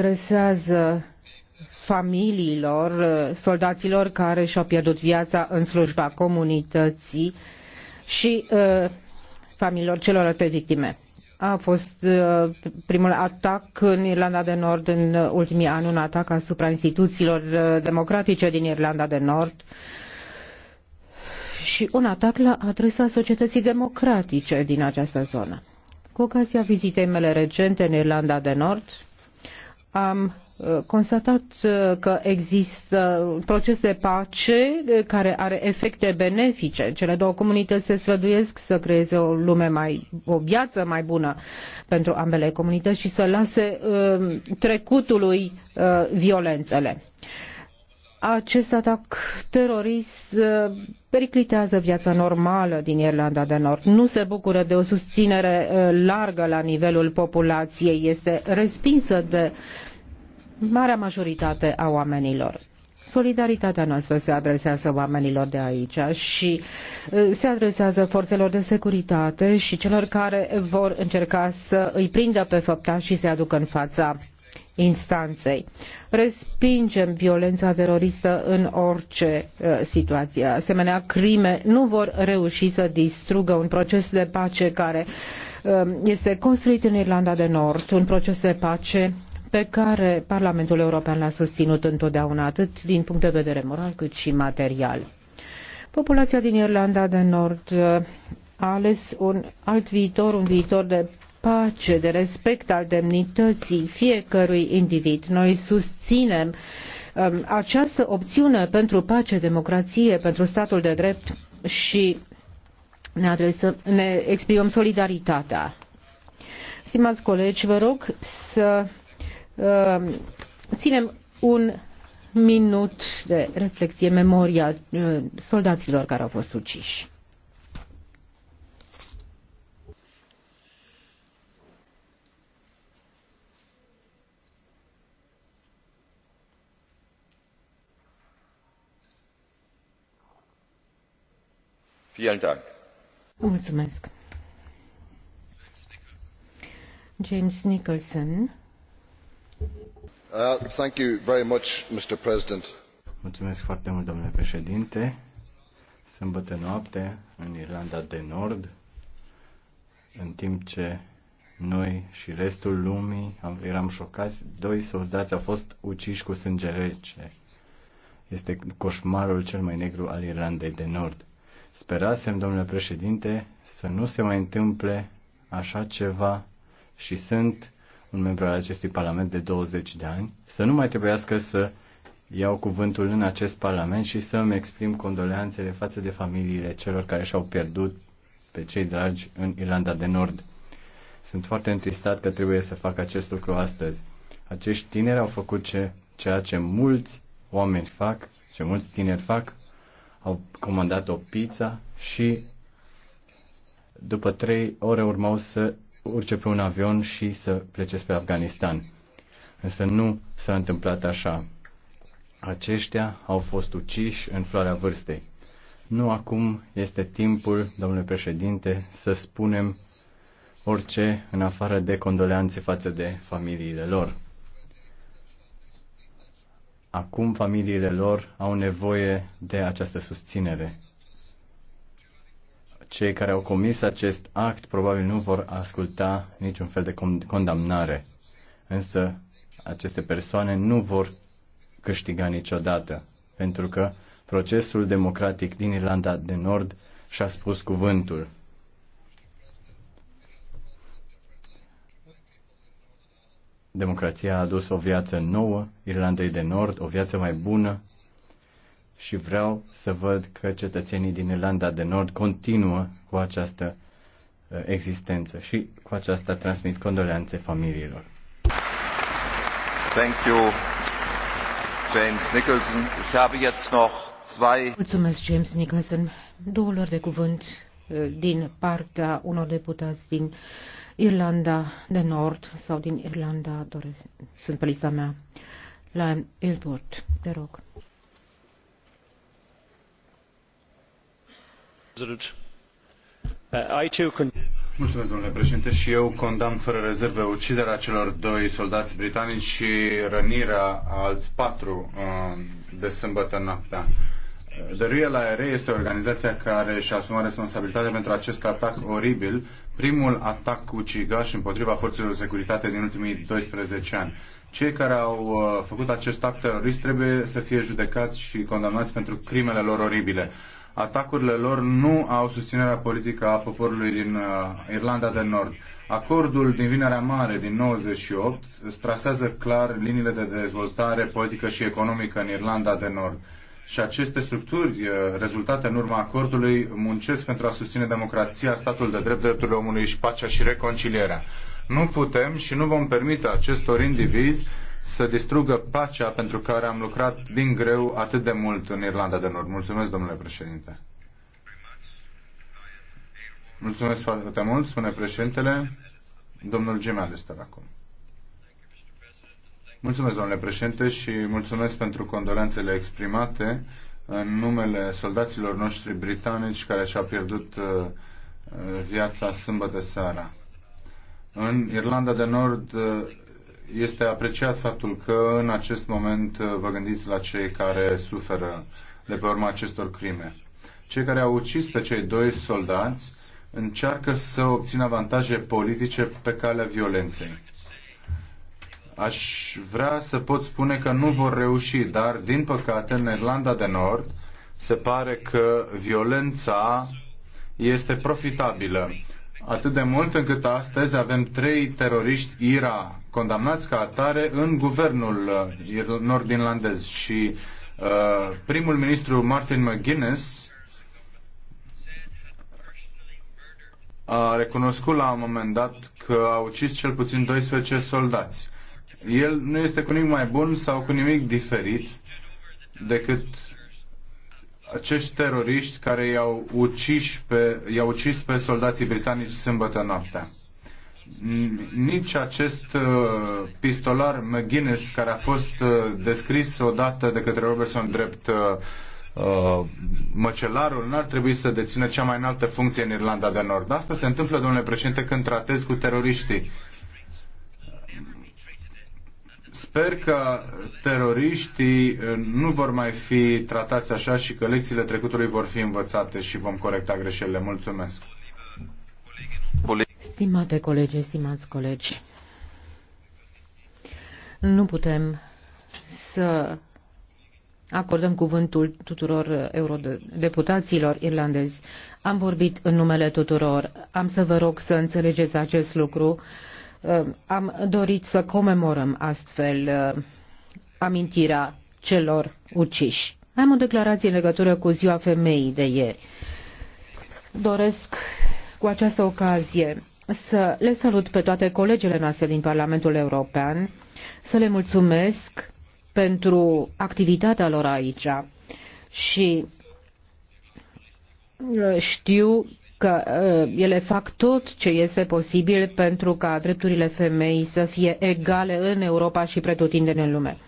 adresează familiilor soldaților care și-au pierdut viața în slujba comunității și uh, familiilor celorlalte victime. A fost uh, primul atac în Irlanda de Nord în ultimii ani, un atac asupra instituțiilor uh, democratice din Irlanda de Nord și un atac la adresa societății democratice din această zonă. Cu ocazia vizitei mele recente în Irlanda de Nord, am uh, constatat uh, că există un proces de pace uh, care are efecte benefice. Cele două comunități se străduiesc să creeze o lume mai, o viață mai bună pentru ambele comunități și să lase uh, trecutului uh, violențele. Uh, acest atac terorist uh, periclitează viața normală din Irlanda de Nord. Nu se bucură de o susținere uh, largă la nivelul populației, este respinsă de marea majoritate a oamenilor. Solidaritatea noastră se adresează oamenilor de aici și uh, se adresează forțelor de securitate și celor care vor încerca să îi prindă pe făptași și se aducă în fața instanței. Respingem violența teroristă în orice uh, situație. Asemenea, crime nu vor reuși să distrugă un proces de pace care uh, este construit în Irlanda de Nord, un proces de pace pe care Parlamentul European l-a susținut întotdeauna, atât din punct de vedere moral cât și material. Populația din Irlanda de Nord uh, a ales un alt viitor, un viitor de pace, de respect al demnității fiecărui individ. Noi susținem um, această opțiune pentru pace, democrație, pentru statul de drept și ne, adresăm, ne exprimăm solidaritatea. Stimați colegi, vă rog să um, ținem un minut de reflexie, memoria uh, soldaților care au fost uciși. Mulțumesc. James Nicholson. Uh, thank you very much, Mr. President. Mulțumesc foarte mult, domnule președinte. Sâmbătă noapte, în Irlanda de Nord, în timp ce noi și restul lumii am, eram șocați, doi soldați au fost uciși cu sânge rece. Este coșmarul cel mai negru al Irlandei de Nord. Sperasem, domnule președinte, să nu se mai întâmple așa ceva și sunt un membru al acestui Parlament de 20 de ani, să nu mai trebuiască să iau cuvântul în acest Parlament și să-mi exprim condoleanțele față de familiile celor care și-au pierdut pe cei dragi în Irlanda de Nord. Sunt foarte întristat că trebuie să fac acest lucru astăzi. Acești tineri au făcut ce, ceea ce mulți oameni fac, ce mulți tineri fac au comandat o pizza și după trei ore urmau să urce pe un avion și să plece spre Afganistan. Însă nu s-a întâmplat așa. Aceștia au fost uciși în floarea vârstei. Nu acum este timpul, domnule președinte, să spunem orice în afară de condoleanțe față de familiile lor. Acum familiile lor au nevoie de această susținere. Cei care au comis acest act probabil nu vor asculta niciun fel de condamnare, însă aceste persoane nu vor câștiga niciodată, pentru că procesul democratic din Irlanda de Nord și-a spus cuvântul. Democrația a adus o viață nouă Irlandei de Nord, o viață mai bună și vreau să văd că cetățenii din Irlanda de Nord continuă cu această uh, existență și cu aceasta transmit condoleanțe familiilor. Thank you, James Nicholson. Ich habe jetzt noch zwei... Mulțumesc, James Nicholson. Două lor de cuvânt uh, din partea unor deputați din Irlanda de Nord sau din Irlanda doresc, sunt pe lista mea. La Ilford, te rog. Uh, Mulțumesc, domnule președinte, și eu condamn fără rezerve uciderea celor doi soldați britanici și rănirea a alți patru uh, de sâmbătă noaptea. Real IRA este organizația care și-a asumat responsabilitatea pentru acest atac oribil, primul atac cu cigași împotriva forțelor de securitate din ultimii 12 ani. Cei care au uh, făcut acest act terorist trebuie să fie judecați și condamnați pentru crimele lor oribile. Atacurile lor nu au susținerea politică a poporului din uh, Irlanda de Nord. Acordul din Vinerea Mare din 98 strasează clar liniile de dezvoltare politică și economică în Irlanda de Nord și aceste structuri, uh, rezultate în urma acordului, muncesc pentru a susține democrația, statul de drept, drepturile omului și pacea și reconcilierea. Nu putem și nu vom permite acestor indivizi să distrugă pacea pentru care am lucrat din greu atât de mult în Irlanda de Nord. Mulțumesc, domnule președinte. Mulțumesc foarte mult, spune președintele. Domnul Jim Alistair acum. Mulțumesc, domnule președinte, și mulțumesc pentru condolențele exprimate în numele soldaților noștri britanici care și-au pierdut uh, viața sâmbătă seara. În Irlanda de Nord uh, este apreciat faptul că în acest moment uh, vă gândiți la cei care suferă de pe urma acestor crime. Cei care au ucis pe cei doi soldați încearcă să obțină avantaje politice pe calea violenței aș vrea să pot spune că nu vor reuși, dar din păcate în Irlanda de Nord se pare că violența este profitabilă. Atât de mult încât astăzi avem trei teroriști IRA condamnați ca atare în guvernul uh, nord-irlandez și uh, primul ministru Martin McGuinness a recunoscut la un moment dat că a ucis cel puțin 12 soldați el nu este cu nimic mai bun sau cu nimic diferit decât acești teroriști care i-au ucis pe, i-au ucis pe soldații britanici sâmbătă noaptea. Nici acest uh, pistolar McGuinness, care a fost uh, descris odată de către Robertson drept uh, măcelarul, n-ar trebui să dețină cea mai înaltă funcție în Irlanda de Nord. Asta se întâmplă, domnule președinte, când tratezi cu teroriștii Sper că teroriștii uh, nu vor mai fi tratați așa și că lecțiile trecutului vor fi învățate și vom corecta greșelile. Mulțumesc! Stimate colegi, stimați colegi, nu putem să acordăm cuvântul tuturor eurodeputaților irlandezi. Am vorbit în numele tuturor. Am să vă rog să înțelegeți acest lucru am dorit să comemorăm astfel uh, amintirea celor uciși. Am o declarație în legătură cu Ziua Femeii de ieri. Doresc cu această ocazie să le salut pe toate colegele noastre din Parlamentul European, să le mulțumesc pentru activitatea lor aici și uh, știu că uh, ele fac tot ce este posibil pentru ca drepturile femeii să fie egale în Europa și pretutindeni în lume.